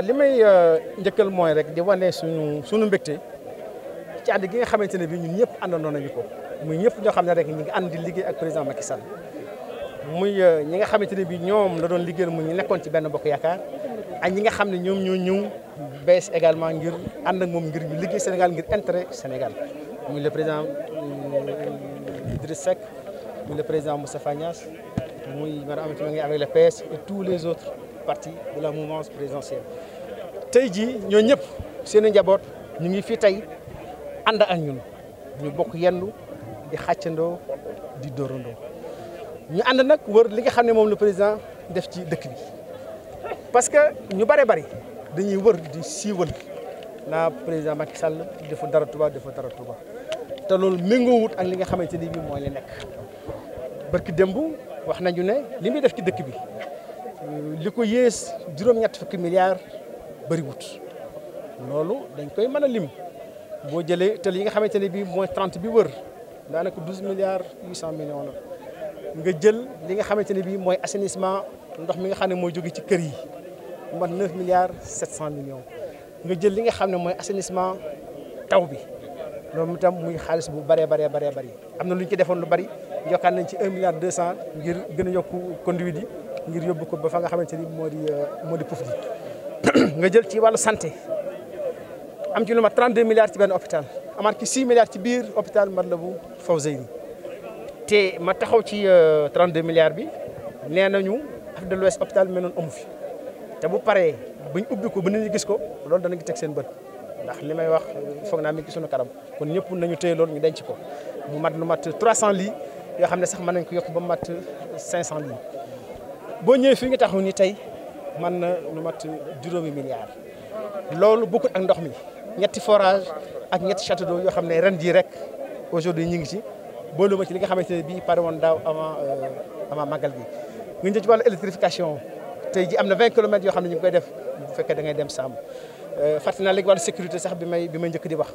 waaw li may euh, njëkkal mooy rek di wane suñu suñu mbégte ci ànd gi nga xamante ne bi ñun ñëpp àndandoo nañu ko muy ñëpp ñoo xam ne rek ñu ngi ànd liggéey ak président Macky Sall muy euh, ñi nga xamante ne bi ñoom la doon liggéeyal mu ñu nekkoon ci benn bokk yaakaar ak ñi nga xam ne ñoom ñoo ñëw bees également ngir ànd ak moom ngir ñu liggéey Sénégal ngir intérêt Sénégal muy le président euh, Idriss Seck muy le président Moustapha Niass muy madame Aminata ngi avec le PS et tous les autres partie de la mouvance présidentielle tey jii ñoo ñëpp seen i njaboot ñu ngi fi tey ànd ak ñun ñu bokk yendu di xàccandoo di dóorandoo ñu ànd nag wër li nga xam ne moom le président def ci dëkk bi parce que ñu bare bari dañuy wër di siiwal naa président Macky Sall dafa dara Touba dafa dara Touba te loolu méngoowut ak li nga xamante ni bii mooy li nekk barki démb wax nañu ne li muy def ci dëkk bi li ko yées juróom-ñett fukki milliards bëriwut loolu dañ koy mën a lim boo jëlee te yi nga xamante ne bii mooy trent bi wër daanaka 12 milliards 800 millions la nga jël li nga xamante ne bii mooy assainissement ndox mi nga xam ne mooy jóge ci kër yi mu mat 9 milliards 700 millions nga jël li nga xam ne mooy assainissement taw bi loolu itam muy xaalis bu bëree baree baree bëri am na lu ñu ci defoon lu bari yokkaat nañ ci 1 milliard 200 ngir gën a yokku kondiwi yi. ngir yóbbu ko ba fa nga xamante ni moo di euh, moo di Pouf di nga jël ci wàllu santé am ci lu mat 32 milliards ci benn hôpital amaat ci 6 milliards ci biir hôpital Matlaboul Fawzeyni te ma taxaw ci 32 euh, milliards bi nee nañu Afrique de l'Ouest hôpital mel noonu amu fi te bu paree buñ ubbi ko bu nit ñu gis ko loolu danañ teg seen bët ndax li may wax foog naa mi ngi ci sunu kon ñëpp nañu téye loolu ñu denc ko mu mat lu mat 300 lits yoo xam ne sax mën nañ ko yokk ba mat 500 lits. boo ñëwee fi nga taxaw ni tey man na lu mat juróomi milliards loolu bokkul ak ndox mi ñetti forage ak ñetti château yoo xam ne ren jii rek aujourd'hui ñu ngi ci boolu ma ci li nga xamante ne bii pare woon daaw avant euh, avant màggal gi nga jël ci wàllu tey ji am na 20 kilomètres yoo xam ne ñu koy def bu fekkee da ngay dem sàmm euh, fàttali naa léegi wàllu sécurité sax bi may bi may njëkk di wax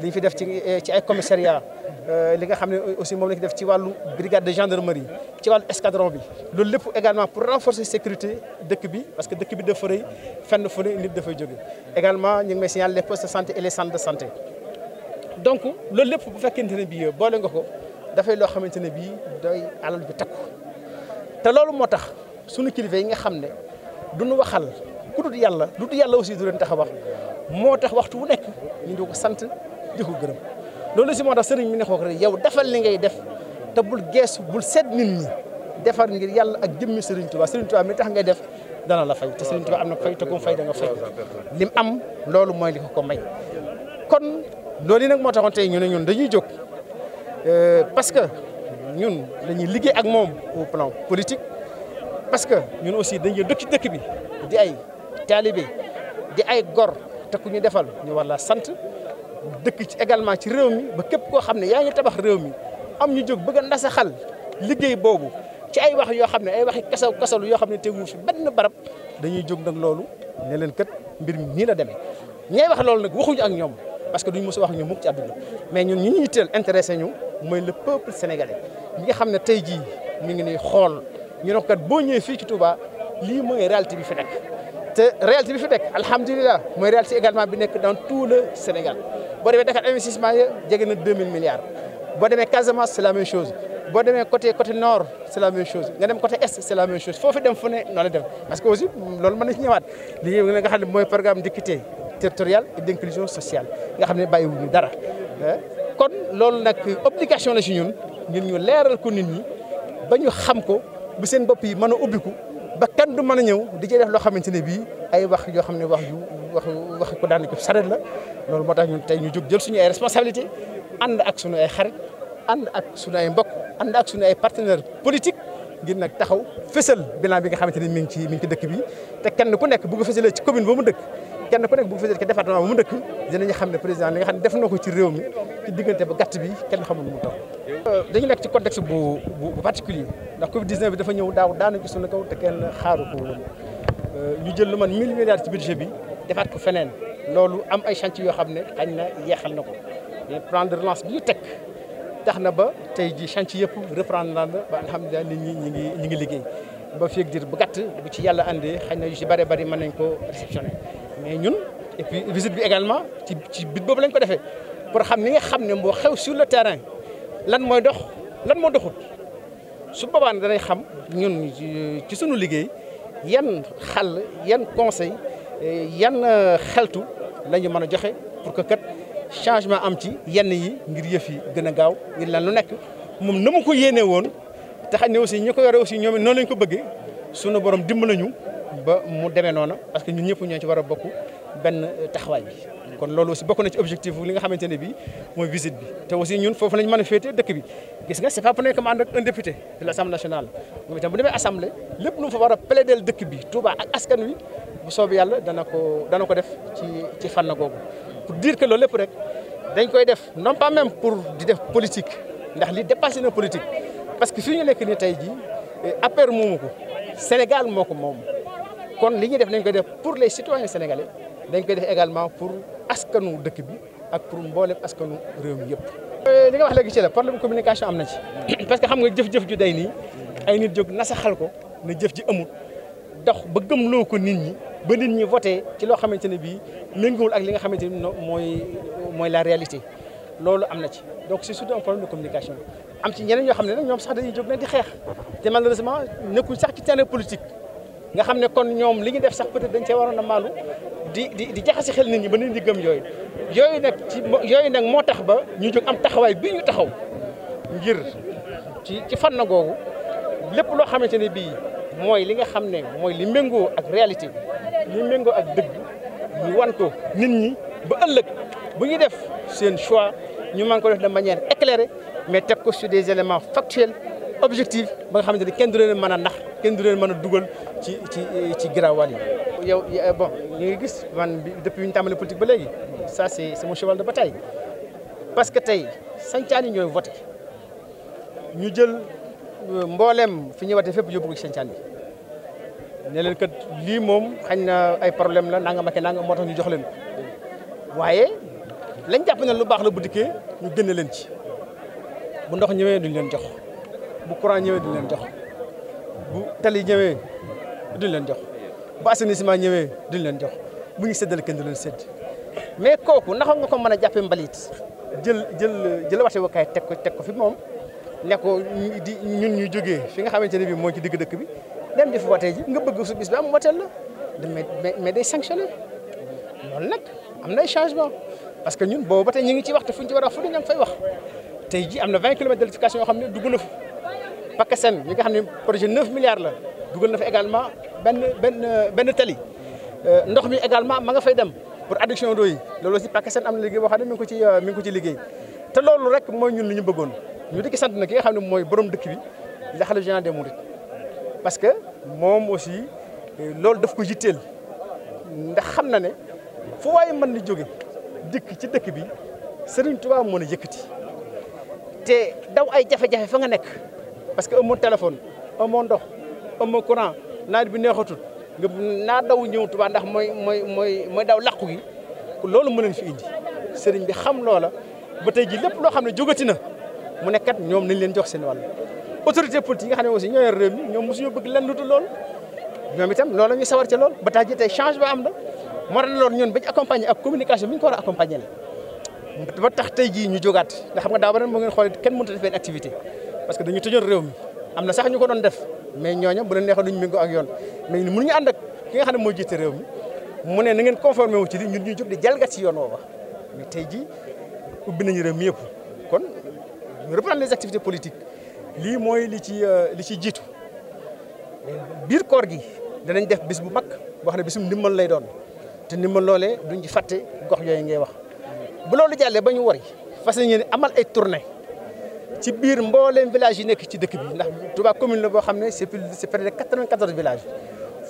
li fi def ci eh, ci ay commissariat euh, li nga xam ne aussi moom la ñu def ci wàllu brigade de gendarmerie ci wàllu escadron bi loolu lépp également pour renforcer sécurité dëkk bi parce que dëkk bi dafa rëy fenn fu dafay jóge également ñu ngi may signaler les postes de santé et les donc loolu lépp bu fekkente ne bii boole nga ko dafay loo xamante ne bii doy alal bi takku te loolu moo tax sunu kilifa yi nga xam ne du nu waxal ku dul yàlla lu dul yàlla aussi du leen tax a wax moo tax waxtu wu nekk ñu ngi sant di ko gërëm loolu aussi moo tax sëriñ bi ne xook rek yow defal li ngay def te bul geesu bul seet nit ñi defar ngir yàlla ak jëmmi sëriñ Tuubaa sëriñ Tuubaa mi tax ngay def dana la fay te sëriñ Tuubaa am na fay te ku mu fay nga fay lim am loolu mooy li ko may kon loolu nag moo taxoon tey ñu ne ñun dañuy jóg euh, parce que ñun dañuy liggéey ak moom au plan politique parce que ñun aussi dañuy dëkk dëkk bi di ay taalibe di ay gor te ku ñu defal ñu war la sant dëkk ci également ci réew mi ba képp koo xam ne yaa ngi tabax réew mi am ñu jóg bëgg a nasaxal liggéey boobu ci ay wax yoo xam ne ay waxi kasaw kasalu yoo xam ne tegu fi benn barab dañuy jóg nag loolu ne leen kat mbir mi nii la demee ñay wax loolu nag waxuñu ak ñoom parce que duñ mos a wax ñu mukk ci àdduna mais ñun ñi ñuy teel intéressé ñu mooy le peuple sénégalais ñi nga xam ne tey jii mi ngi nii xool ñu ne kat boo ñëwee fii ci Touba lii mooy réalité bi fi nekk te réalité bi fi nekk alhamdulilah mooy réalité également bi nekk dans tout le Sénégal boo demee Dakar investissement ya jege na 2000 milliards boo demee Casamance c' est chose boo demee côté côté nord c' est la même chose nga dem côté est c' est la même chose foofu dem fu ne noonu la dem parce que aussi loolu mën na ci ñëwaat li nga ne mooy programme d' équité territoriale et d' inclusion nga xam ne bàyyiwuñu dara eh? kon loolu nag obligation la si ñun ñun ñu leeral ko nit ñi ba ñu xam ko bu seen bopp yi mën ubbiku ba kenn du mën a ñëw di ci def loo xamante ne bii ay wax yoo xam ne wax yu wax wax ko daan ko sareet la loolu moo tax ñun tey ñu jóg jël suñu ay responsabilité ànd ak suñu ay xarit ànd ak suñu ay mbokk ànd ak suñu ay partenaire politique ngir nag taxaw fësal bilan bi nga xamante ni mi ngi ci mi ngi ci dëkk bi te kenn ku nekk bu ko fësalee ci commune ba dëkk kenn ku nekk bu ko fësalee ci département ba mu dëkk dinañu xam ne président li nga xam ne def na ko ci réew mi ci diggante ba gàtt bi kenn xamul mu taw dañu nekk ci context bu bu particulier ndax Covid 19 bi dafa ñëw daaw daanañ ci suñu kaw te kenn xaaru ko woon euh, ñu jël lu man 1000 ci budget bi defaat ko feneen loolu am ay chantier yoo xam ne xañ na yeexal na ko mais plan bi ñu teg tax na ba tey ji chantier yëpp reprendre naan la ba alhamdulilah nit ñi ñu ngi ñu ngi liggéey ba feeg diir bu gàtt bu ci yàlla andee xañ na yu ci bari bari mën nañ ko réceptionné mais ñun et bi également ci ci bit boobu lañ ko defee pour xam li nga xam ne moo xew sur le terrain lan mooy dox lan moo doxut su boobaa ne danay xam ñun ci sunu liggéey yan xal yan conseil yan xeltu la ñu mën a joxe pour que kat changement am ci yenn yi ngir yëf yi gën a gaaw ngir lan lu nekk moom na mu ko yéene woon te xam ne aussi ko yore aussi ñoom noonu lañ ko bëggee sunu borom dimbalañu ba mu demee noona parce que ñun ñëpp ñoo ci war a bokk benn euh, taxawaay bi. kon loolu si bokk na ci objectif li nga xamante ne bii mooy visite bi te aussi ñun foofu lañ mën a féetee dëkk bi gis nga c'est pas pour nekk ma ànd ak un député de l'Assemblée nationale. moom itam bu demee assemblée lépp lu mu fa war a dëkk bi Touba ak askan wi bu soobee yàlla dana ko dana ko def ci ci fànn googu pour dire que loolu lépp rek dañ koy def non pas même pour di def politique ndax li dépassé na politique parce que fii ñu nekk ni tey jii euh, APR moomu ko Sénégal moo moom kon li ñuy def nañ koy def pour les citoyens sénégalais. dañ koy def également pour askanu dëkk bi ak pour mboolem askanu réew mi yëpp. Euh, li nga wax léegi ci la problème communication am na ci parce que xam nga jëf-jëf ju day nii ay nit jóg nasaxal ko na jëf ji amul dox ba gëmloo ko nit ñi ba nit ñi voté ci loo xamante ne bii méngoowul ak li nga xamante ne mooy mooy la réalité loolu am na ci donc c'est surtout un problème de communication am ci ñeneen ñoo xam ne nag ñoom sax dañuy jóg nag di xeex te malheureusement nekkuñ sax ci terrain politique. nga xam ne kon ñoom li ñu def sax peut dañ cee waroon a maalu di di di jaxase xel nit ñi ba nit ñi gëm yooyu yooyu nag yooyu nag moo tax ba ñu jóg am taxawaay bi ñu taxaw ngir ci ci fànn googu lépp loo xamante ne bii mooy li nga xam ne mooy li méngoo ak réalité li méngoo ak dëgg ñu wanto nit ñi ba ëllëg bu ñu def seen choix ñu mën ko def de manière éclairée mais teg ko sur des éléments factuels objectifs ba nga xam ne kenn du leen mën a nax kenn du leen mën a dugal ci ci ci giraawaat yi. yow bon ñu ngi gis man depuis bi ñu tàmbalee politique ba léegi ça c' est c' est de bataille parce que tey sancaan yi ñooy voté ñu jël euh, mboolem fi ñuy wote fépp yóbbu ko ci bi ne leen kat lii moom xañ na ay problème la nangam ak nangam moo tax ñu jox leen waaye lañ jàpp lu baax la bu dikkee ñu génne leen ci bu ndox ñëwee duñ leen jox bu courant ñëwee duñ leen jox. bu tali ñëwee duñ leen jox bu assainissement ñëwee duñ leen jox mu ngi séddale kenn du leen sédd mais kooku naka nga ko mën a jàppee mbalit jël jël jël wate wakaay teg ko teg ko fi moom ne di ñun ñu jógee fi nga xamante ne bii moo ci digg dëkk bi dem di fi watee ji nga bëgg su bis bi am wateel la mais mais day na changement parce que ñun boobu ba tey ñu ngi wax waxtu fu ñu ci war a wax fu ñu fay wax tey ji am na 20 kilomètres d'électrification yoo xam ne dugg na fa PACASEN mi nga xam ne projet 9 milliards la dugal na fa également benn benn benn tali euh, ndox mi également ma nga fay dem pour adduction d'eau yi si aussi PACASEN am na liggéey boo xam ne ngi ko ci mi ngi ko ci euh, loolu rek mooy ñun li ñu bëggoon ñu di ki sant na ki nga xam ne mooy borom dëkk bi la xalifa général des mourides parce que moom aussi euh, loolu daf ko yitteel ndax xam na ne foo waaye man na jóge dikk ci dëkk bi Serigne Touba mën a yëkkati te daw ay jafe-jafe fa nga nekk parce que amoon téléphone amoon ndox amoon courant nawet bi neexatul nga naa daw ñëw Tuubaa ndax mooy mooy mooy mooy daw làqu gi loolu mu nañ fi indi sëriñ bi xam loola ba tey ji lépp loo xam ne jógati na mu ne kat ñoom nañ leen jox seen wàll autorité politique yi nga xam ne aussi ñoo yor réew mi ñoom mosuñu bëgg lenn lu dul ñoom itam loolu ñu sawar ca lool ba tax ji tey changement am na moo lool loolu ñun bañ accompagner ak communication bi ñu ko war a la ba tax tey jii ñu jógaat ndax xam nga moo ngeen xoolee kenn mënut a def parce que dañu tëjoon réew mi am na sax ñu ko doon def mais ñooñu bu leen neexee duñ méngoo ak yoon mais mënuñu ànd ak ki nga xam ne mooy jiite réew mi mu ne na ngeen conformé wu ci li ñun ñu jóg di jalgat si yoon woowa tey jii ubbi nañu réew mi yëpp kon ñu reprendre les lii mooy li ci euh, li ci jiitu biir koor gi danañ def bis bu mag boo xam ne bisum ndimbal lay doon te ndimbal loolee duñ ci fàtte gox yooyu ngay wax bu loolu jàllee ba ñu wari fas yéene amal ay tournée ci biir mbooleem village yi nekk ci dëkk bi ndax tubaa commune la boo xam ne c'est plus c'est près de 94 villages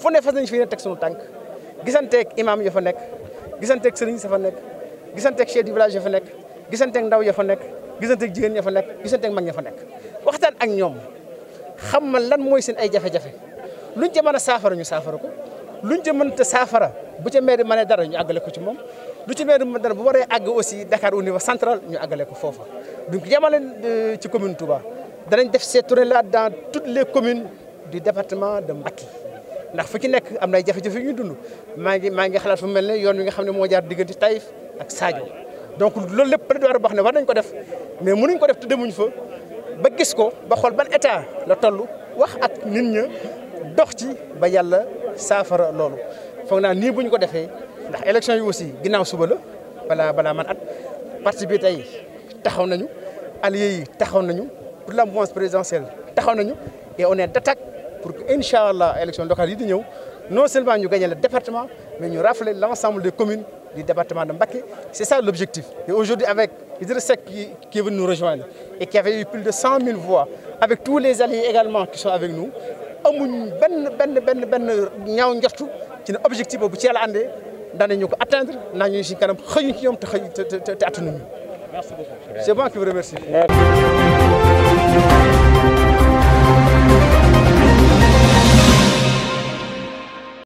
fu ne fas nañ fi ne tànk gisanteeg imam ya fa nekk gisanteeg sëriñ sa fa nekk gisanteeg chef village ya fa nekk gisanteek ndaw ya fa nekk gisanteek jigéen ya fa nekk gisanteeg mag ya fa nekk waxtaan ak ñoom xam ma lan mooy seen ay jafe-jafe luñ ca mën a saafara ñu saafara ko luñ ca mënta saafara bu ca maire mënee dara ñu àggale ko ci moom lu ci mel dara bu waree àgg aussi Dakar au niveau central ñu àggale ko foofa donc yemale euh, ci commune Touba danañ def ces tournées là dans toutes les communes du département de Mbacké ndax fu ci nekk am na ay jafe-jafe ñu dund maa ngi maa ngi xalaat fu mel ne yoon wi nga xam ne moo jaar diggante Taïf ak Sadio donc loolu lépp prévoir boo xam ne war ko def mais mënuñ ko def te demuñ fa ba gis ko ba xool ban état la toll wax ak nit ña dox ci ba yàlla saafara loolu foog naa nii bu ñu ko defee. ndax élection yi aussi ginnaaw suba la balaa balaa man at parti bi tey taxaw nañu alliés yi taxaw nañu pour la mouvance présidentielle taxaw nañu et on est d'attaque pour que incha allah élection locale yi di ñëw non seulement ñu gagner le département mais ñu rafler l'ensemble des commune du département de Mbacké c'est ça l'objectif et aujourd'hui avec Idriss Seck qui, qui est venu nous rejoindre et qui avait eu plus de cent mille voix avec tous les alliés également qui sont avec nous amuñ benn benn benn ñaaw njortu ci ne objectif boobu ci àndee danañu ko atteindre nañu si kanam xëyuñ ci ñoom te xëy te te attanuñu. merci beaucoup c'est moi qui